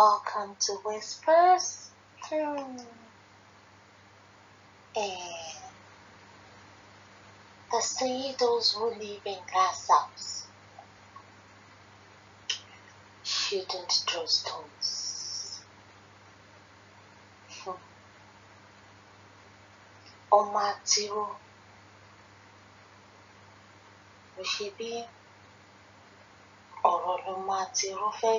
Welcome to Whispers And the seagulls who live in glass house shouldn't throw stones. Oh, Ọmọ will she be? Or will tiró fẹ́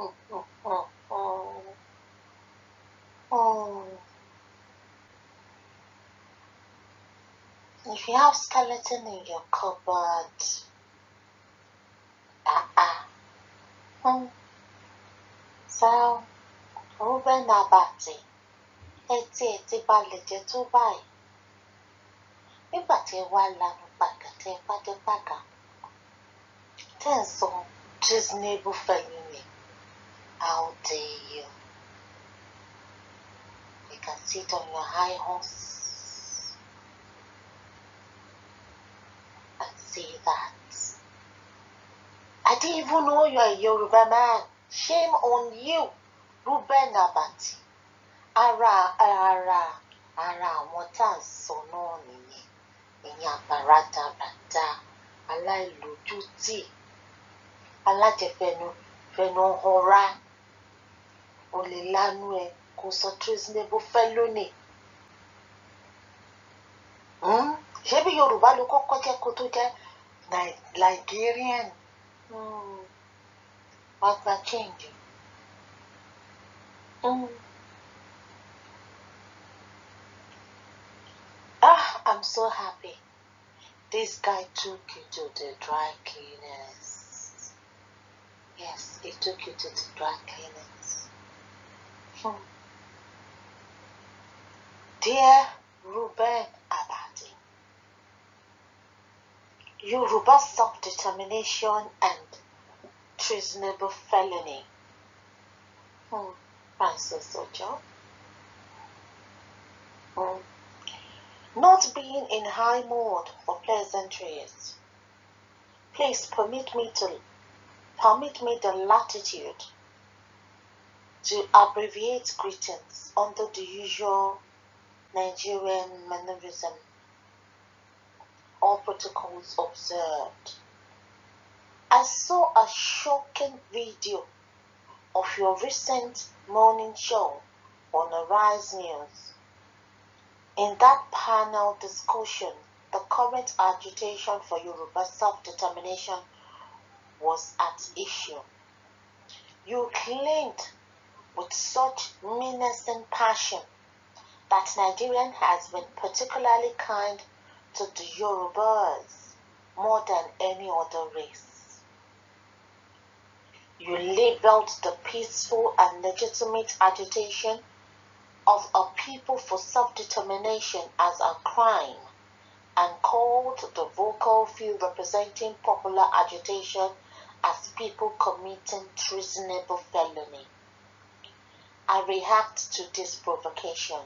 Oh, oh, oh. If you have skeleton in your cupboard, ah ah. -uh. So, Ruben Abati, etí etí balẹ̀ jẹ́ tó báyìí. Nígbà tí ẹ wá lanu pàgà tí ẹ bá dé pàgà, tẹ́ ń sọ Disney bú fẹ̀yìn out the you can sit on your high horse and say that I didn't even know you're a Yoruba man. Shame on you, Ruben Abati. Ara, ara, ara, àwọn tá à ń sọ náà nìyẹn. Ìyẹn àbáradàradà, aláìlójútì, alájẹfẹnu, fẹnu ọ̀rá. lanu ẹ kò sọ treasonable fẹ́ hmm? yorùbá ló jẹ́ kó tó jẹ́ nigerian hmm. change. Hmm. Ah, I'm so happy. This guy took you to the dry cleaners. Yes, he took you to the dry cleaners fún hmm. Dear Ruben Abadi, Yoruba self-determination and treasonable felony. Hmm. Francis Ojo. Hmm. Not being in high mood for pleasantries. Please permit me to permit me the latitude to abbreviate greetings under the usual Nigerian mannerism. All protocols observed. I saw a shocking video of your recent morning show on Arise News. In that panel discussion, the current agitation for Yoruba self-determination was at issue. You claimed with such meanness and passion that Nigerian has been particularly kind to the Yorubas more than any other race. You labeled the peaceful and legitimate agitation of a people for self-determination as a crime and called the vocal few representing popular agitation as people committing treasonable felony. I react to this provocation?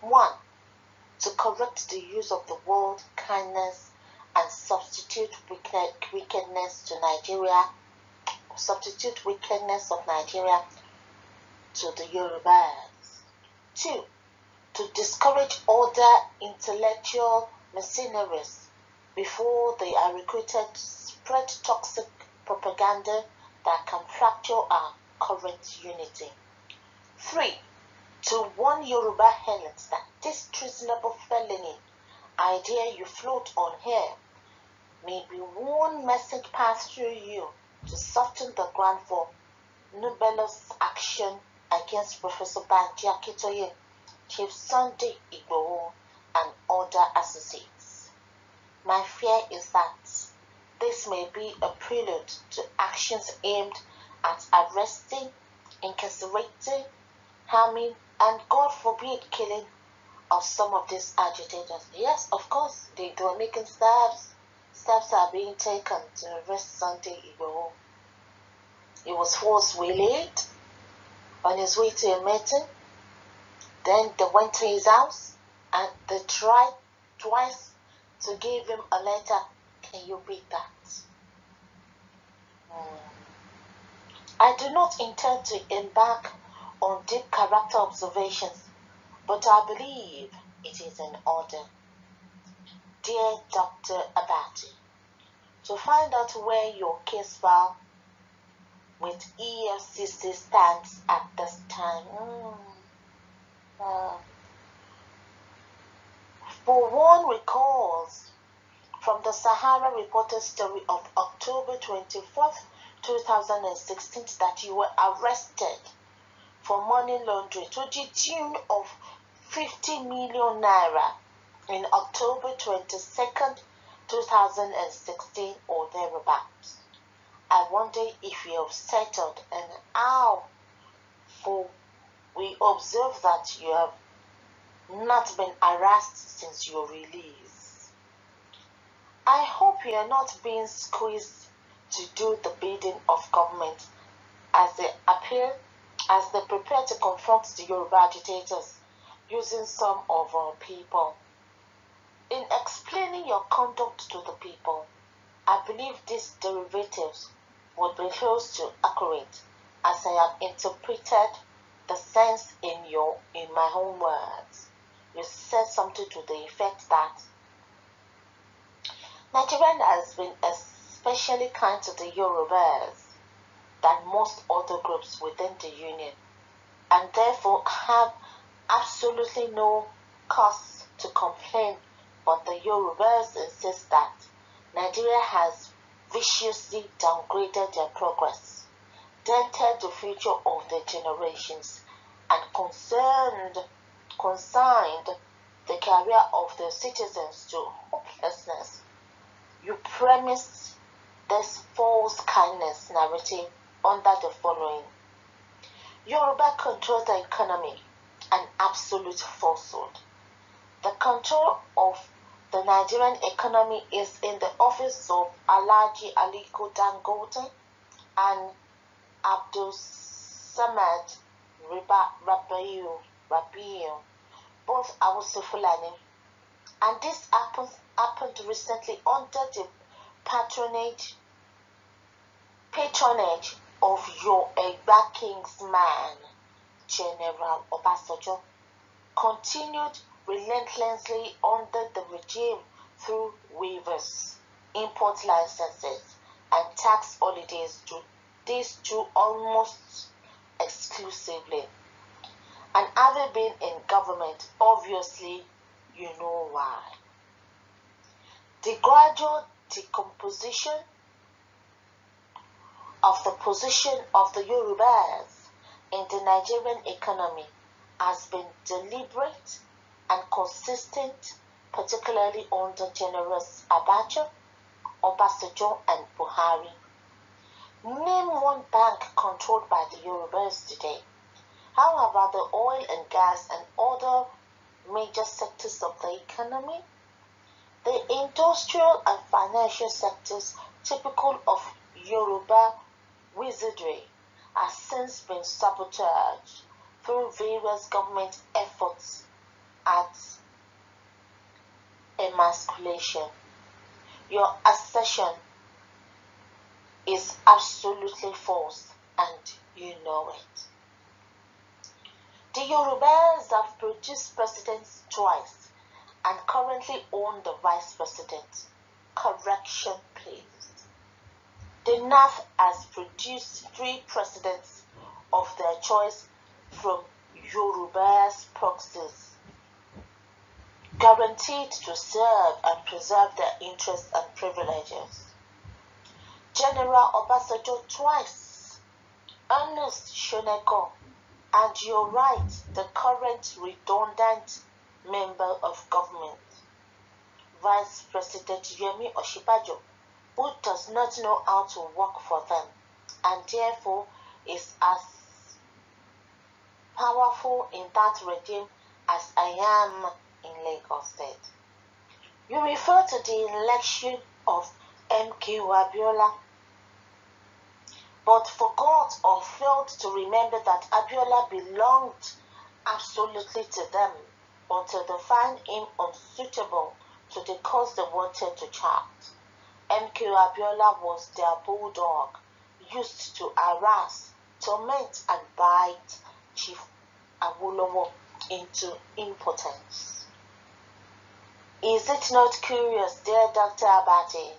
One, to correct the use of the word kindness and substitute wickedness to Nigeria, substitute wickedness of Nigeria to the Yorubas. Two, to discourage other intellectual mercenaries before they are recruited to spread toxic propaganda that can fracture our current unity. Three, to warn Yoruba heads that this treasonable felony idea you float on here may be one message passed through you to soften the ground for Nubelo's action against Professor Banji Akitoye, Chief Sunday Igbo, and other associates. My fear is that this may be a prelude to actions aimed at arresting, incarcerating, harming, and God forbid, killing of some of these agitators. Yes, of course, they, they were making steps. Steps are being taken to arrest Sunday Igbo. He was forced waylaid on his way to a meeting. Then they went to his house and they tried twice to give him a letter. Can you read that? Mm. I do not intend to embark on deep character observations, but I believe it is in order. Dear Dr. Abati, to find out where your case file with EFCC stands at this time. Mm. Uh, for one recalls from the Sahara reported story of October 24, 2016 that you were arrested for money laundering to the tune of 50 million naira in October 22nd, 2016 or thereabouts. I wonder if you have settled and how for we observe that you have not been harassed since your release. I hope you are not being squeezed to do the bidding of government as they appear as they prepare to confront the Yoruba agitators using some of our people. In explaining your conduct to the people, I believe these derivatives would be close to accurate as I have interpreted the sense in your in my own words. You said something to the effect that Nigeria has been especially kind to the Yorubas than most other groups within the union and therefore have absolutely no cause to complain. But the Yorubas insist that Nigeria has viciously downgraded their progress, dented the future of their generations, and concerned, consigned the career of their citizens to hopelessness. You premised this false kindness narrative under the following Yoruba controls the economy, an absolute falsehood. The control of the Nigerian economy is in the office of Alaji Aliko Dangote and Abdul Samad Rabiu, Rabiu both Awusu Fulani. And this happened, happened recently under the patronage patronage of your Egba man, General Obasanjo, continued relentlessly under the regime through waivers, import licenses, and tax holidays to these two almost exclusively. And having been in government, obviously, you know why. The gradual decomposition of the position of the Yorubas in the Nigerian economy has been deliberate and consistent, particularly under generous Abacha, Obasanjo, and Buhari. Name one bank controlled by the Yorubas today. How about the oil and gas and other major sectors of the economy? The industrial and financial sectors typical of Yoruba wizardry has since been sabotaged through various government efforts at emasculation. Your assertion is absolutely false and you know it. The Yorubas have produced presidents twice and currently own the vice president. Correction, please. The NAF has produced three presidents of their choice from Yoruba's proxies, guaranteed to serve and preserve their interests and privileges. General Obasanjo twice, Ernest Shoneko, and you're right, the current redundant member of government, Vice President Yemi Oshibajo who does not know how to work for them and therefore is as powerful in that regime as I am in Lagos State. You refer to the election of M.K. Abiola, but forgot or failed to remember that Abiola belonged absolutely to them until they find him unsuitable to the cause they wanted to chart. Nkiru Abiola was their bulldog, used to harass, torment, and bite Chief Awolowo into impotence. Is it not curious, dear Dr. Abate,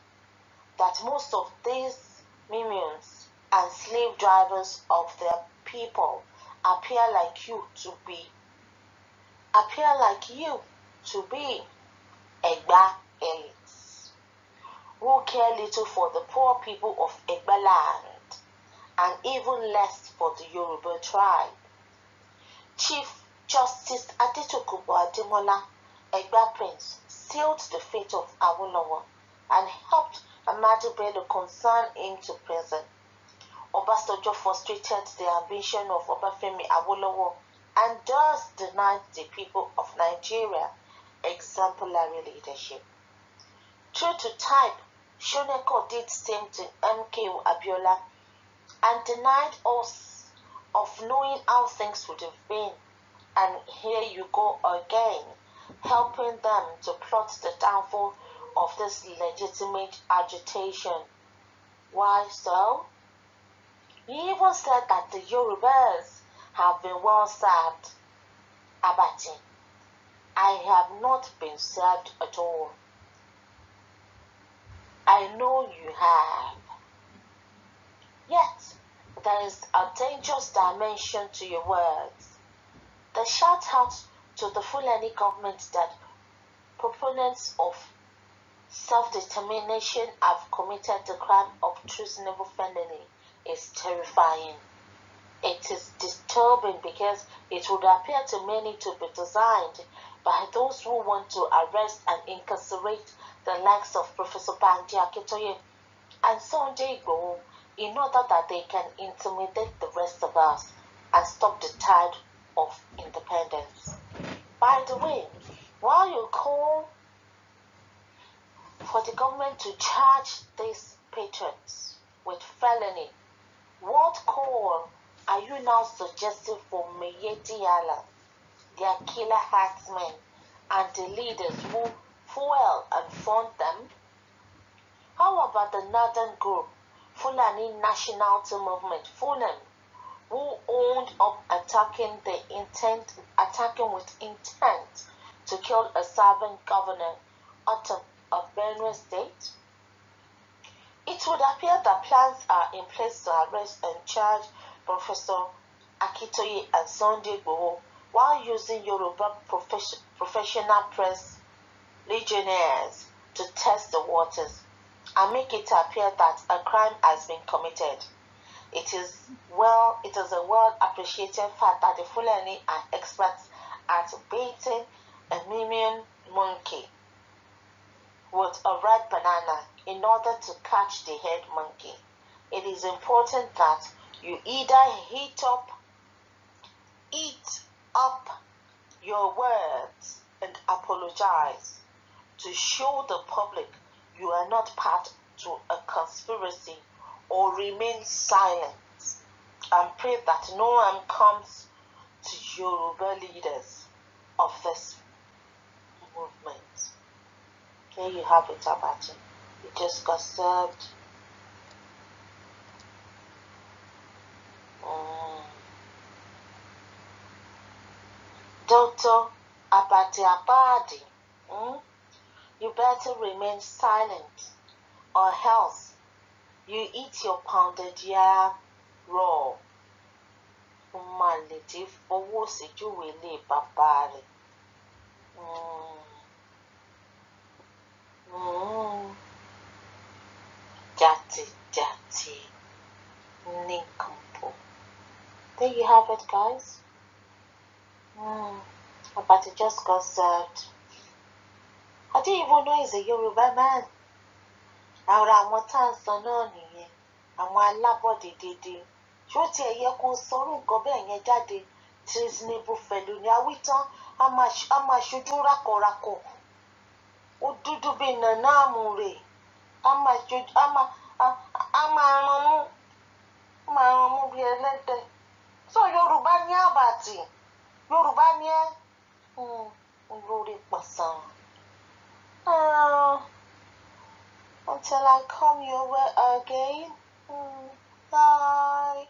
that most of these minions and slave drivers of their people appear like you to be, appear like you to be a Egba Elite? who care little for the poor people of land, and even less for the Yoruba tribe. Chief Justice Adetokunbo Ademola Egba Prince sealed the fate of Awolowo and helped Amadu Bello consign him to prison. Obasanjo frustrated the ambition of Obafemi Awolowo and thus denied the people of Nigeria exemplary leadership. True to type, Shoneko did same to MK Abiola and denied us of knowing how things would have been. And here you go again, helping them to plot the downfall of this legitimate agitation. Why so? He even said that the Yorubas have been well served. Abati, I have not been served at all. I know you have. Yet, there is a dangerous dimension to your words. The shout out to the Fulani government that proponents of self-determination have committed the crime of treasonable felony is terrifying. It is disturbing because it would appear to many to be designed by those who want to arrest and incarcerate the likes of Professor Banji Akintoye and they go in order that they can intimidate the rest of us and stop the tide of independence. By the way, while you call for the government to charge these patrons with felony, what call are you now suggesting for Meyeti Yala, their killer herdsmen, and the leaders who Fuel and them. How about the northern group, Fulani Nationality Movement, Fulham, who owned up attacking the intent, attacking with intent to kill a sovereign governor, of Benue State? It would appear that plans are in place to arrest and charge Professor Akitoye and Sunday Boho while using Yoruba profession, professional press legionnaires to test the waters and make it appear that a crime has been committed. It is well it is a well appreciated fact that the Fulani are experts at baiting a mimian monkey with a red banana in order to catch the head monkey. It is important that you either heat up eat up your words and apologize to show the public you are not part to a conspiracy or remain silent and pray that no harm comes to Yoruba leaders of this movement. There you have it, Abacha. You just got served. Mm. Dr. Abati Abadi. Hmm? you better remain silent, or else you eat your pounded yam raw. Ó máa lè ti fowó síjúwe ilé bàbá rẹ̀. Mm. Mm. Jàtìjàtì nincompoop. There you have it, guys. Mm, but it just got served. I didn't even know he's Yoruba man. Ara àwọn taa à ń náà nìyẹn, àwọn alábọ̀dé dédé. Ṣé ó tiẹ̀ yẹ kó sọrú nǹkan ni awítán, a máa ṣojú rákọrakọ. Ó dúdú bíi bi àmùrè. A máa ran mú, a ran Yorùbá ní àbàtì, Yorùbá ní Oh, until I come your way again. Mm, bye.